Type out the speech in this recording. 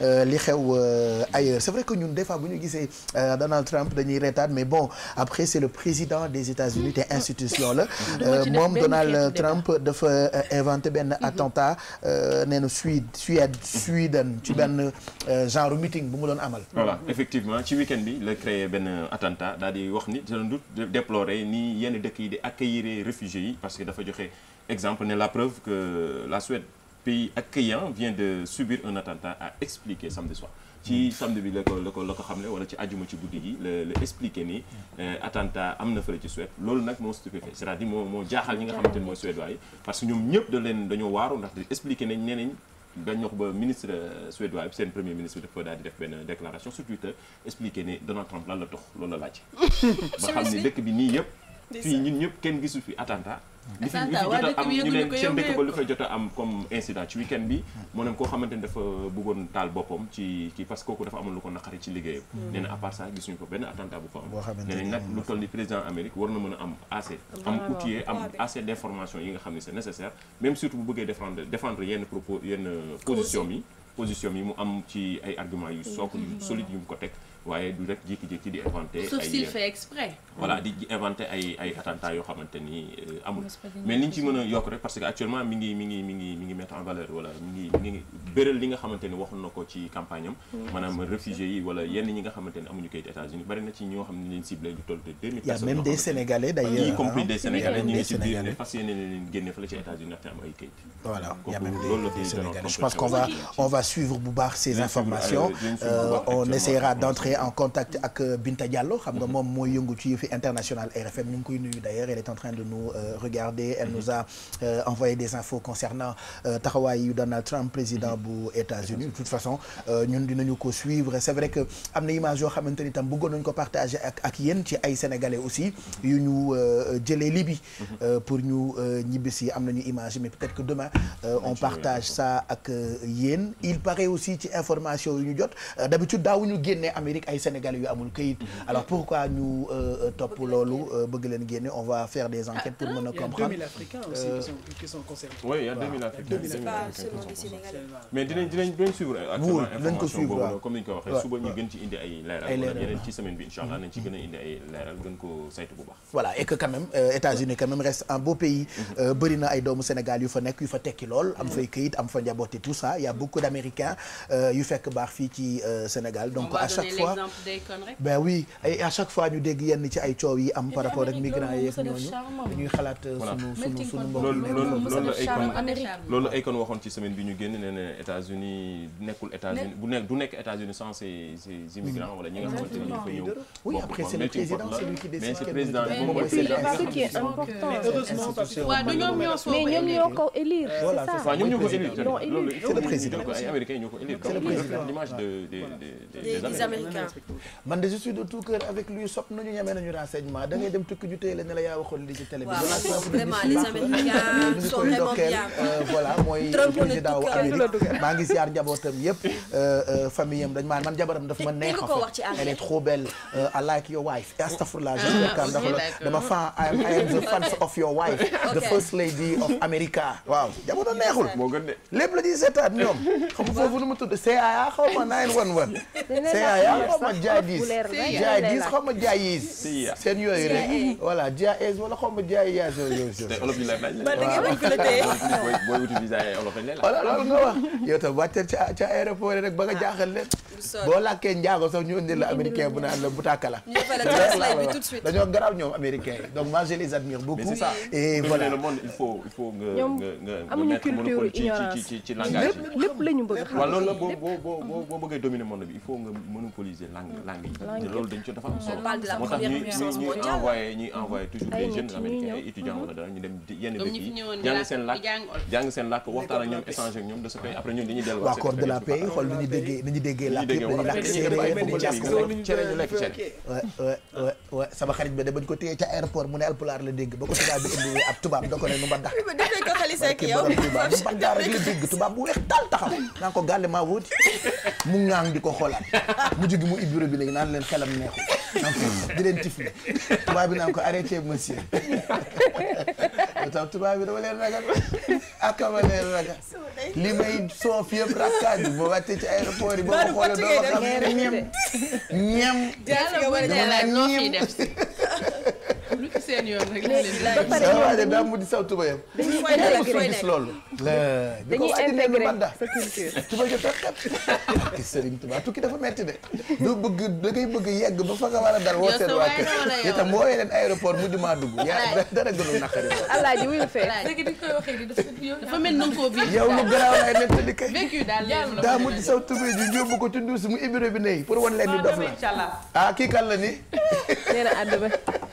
Euh, li xew euh, ailleurs c'est vrai que ñun des bu ñu gisee euh, Donald Trump dañuy reetaan mais bon après c'est le président des États-Unis te institution la moom Donald Trump dafa inventé benn mhm. attentat nee na Suède Suède Suède ci mhm. benn genre meeting bu mu doon amal voilà effectivement ci week-end bi la créé benn attentat daal wax ni sans doute déplorer ni yenn dëkk yi di accueillir réfugiés yi parce que dafa joxe exemple ne la preuve que la Suède pays accueillant vient de subir un attentat a expliqué samedi soir ci mm. samedi bi la ko la ko la ko xamle ci àjjuma ci guddi gi la la expliqué ni mm. euh, attentat am na fële ci Suède loolu nag moo stupéfait cest à moo jaaxal ñi nga xamante mooy suédois yi parce que ñoom ñëpp dañoo waaru ndax expliqué nañ nee nañ dañ wax ba ministre euh, suédois bi seen premier ministre dafa daal di benn déclaration sur Twitter expliqué Donald Trump lan la tox loolu la laaj li ah. fi jot a am jot am comme incident ci week bi ah. moo ne koo xamante ni dafa bëggoon taal boppam ci kii parce que kooku dafa amoon lu ko naqari ci liggéeyam hmm. nee na à part ça gisuñu ko benn attentat bu fa am nee nañ nag lu toll ni président Amérique war na mën a am assez am outillé am assez d' information yi nga xam ne c'est nécessaire même surtout bu bëggee défendre défendre yenn propos yenn position yi mu am ci ay arguments yu sook yu solide yu mu ko teg waaye du rek jékki-jékki di inventé ay sauf euh, yoo xamante euh, amul. mais ni ci mën a yokk rek parce que actuellement mi ngi mettre en valeur wala mi ngi mi li nga xamante ni ko ci campagne am. maanaam réfugiés yi wala yenn ñi nga xamante amuñu kayit États-Unis bari ci ñoo xam ne leen ciblé du toll de 2000 personnes. y a même des sénégalais d'ailleurs y compris des sénégalais ñu ngi ci biir ne am ay kayit. voilà y a même des sénégalais je pense qu'on va est en contact ak euh, Binta Diallo xam nga moom mooy yëngu ci yëfi international RFM ñu ngi koy nuyu d'ailleurs elle est en train de nous euh, regarder elle nous a euh, envoyé des infos concernant taxawaay yu Donald Trump président bu États-Unis de toute façon ñun dinañu ko suivre c'est vrai que am na image yoo xamante ni tam bëggoon nañu ko partager ak ak ci ay sénégalais aussi yu ñu jëlee Libye pour ñu ñibbisi am nañu image mais peut-être que demain on partage ça ak yéen nekk ay sénégalais yu amul këyit mhm. alors pourquoi ñu euh, euh, topp loolu euh, bëgg leen génne on va faire des ah, enquêtes pour mën a comprendre il mais dinañ dinañ dinañ suivre actuellement comme ni waxee suba ñu gën ci indi ay leeral ci semaine bi incha allah gën a indi ay leeral gën ko saytu bu baax voilà et que quand même États-Unis quand même reste beau pays mhm. bëri ay doomu Sénégal yu fa nekk yu fa tekki lool am mhm. fay këyit am fa njaboot et tout ça il y beaucoup d'Américains yu fekk baax fii ci Sénégal donc à chaque fois exemple day kon rek. ben ay chaque fois ñu dégg yenn ci ay coow yi am par rapport ak migrants yeeg ñooñu ñuy xalaat euh, sunu sunu sunu mbokk yi nekk loolu ay kon waxoon ci semaine bi ñu génn ne ne États-Unis nekkul États-Unis bu nekk du nekk États-Unis sans ces ces immigrants wala ñi a xamante ne dafa ñëw. oui mais ñoom ñoo ko élire. voilà c'est ça ñoom président c'est le président l'image de des des des américains. man de je suis de tout cœur avec lui sopp nañu ñeme nañu renseignement da ngay dem tukki ju téye la la yaa waxoon lii ci télé bi. waaw vraiment les Américains sont vraiment bien. Euh, maa ngi siyaar njabootam yëpp euh, euh, famille am dañ maa man jabaram ma neex elle est trop belle I like your wife astafurlah jërëjëf ndax dama fan I am the fans of your wife the first lady of America waaw jamono neexul moo gën de lépp la ñuy ñoom xam foofu nu mu tudd CAA xaw ma 911 CAA xaw ma jaadis jaadis xaw ma jaayis seen yooyu rek voilà jaayis wala xaw ma jaayaas yooyu olof yi la laaj booy wuti visa olof lañ lay laaj loolu nga wax yow tam wàcce ca ca aéroport ba nga ah. jaaxal leen boo làkkee njaago sax ñu indi la américain bu naan la bu tàkkala dañoo garaaw ñoom américain yi donc moi je les admire beaucoup et voilà le monde il faut il faut nga amuñu culture ignorance ci ci ci langage lépp lépp la ñu bëgg xam waaw loolu la boo boo bëggee dominer monde bi il faut nga monopoliser utiliser langue mm. langue loolu dañ ci dafa am solo. moo tax ñuy envoyé ñuy envoyé toujours des jeunes américains ay ñu dem yenn de ce la yëpp dañuy làkk séeréer cere ñu lekk cere wa wa sama xarit bi de bañ ko téye ca aéroport mu ne alpulaar la dégg ba ko tubaab bi indi ab tubaab da ko ne nu mba dax bu bandaa rek la dégg tubaab bu weex daal taxaw naan ko gàlle maa wóoti mu ŋaang di ko xoolaat mujj gi bi mu ibbi bi léegi naan leen xelam neexu di leen tifli tubaab bi naan ko arrêté monsieur taw tubaab bi dama leen ragal akama leen ragal li may soof yëpp rakkaaju ba wàcce ci aéroport yi boo ma xoolee doo xam ñem ñem lu ci seen yoon rek la leen. ba pare daa mu di saw tubayam. dañuy gis loolu. dañuy intégré sa culture. tuba jo teg xet. Serigne Touba tukki dafa metti de. du bëgg da ngay bëgg yegg ba fa nga war a dal woo seen waa kër itam boo wooyee leen aéroport mu di maa dugg. yaa dara gënul naqari. alaaji wuyu fee. léegi di koy waxee di dafa mel ni ko bii. yow lu garaaw laay nettali kay. vécu daal daa mu di saw tubay ji ñëw ko ci nduus mu ibiro bi ney pour wan leen di dof la. ah kii kan la ni. nee na àdd ba.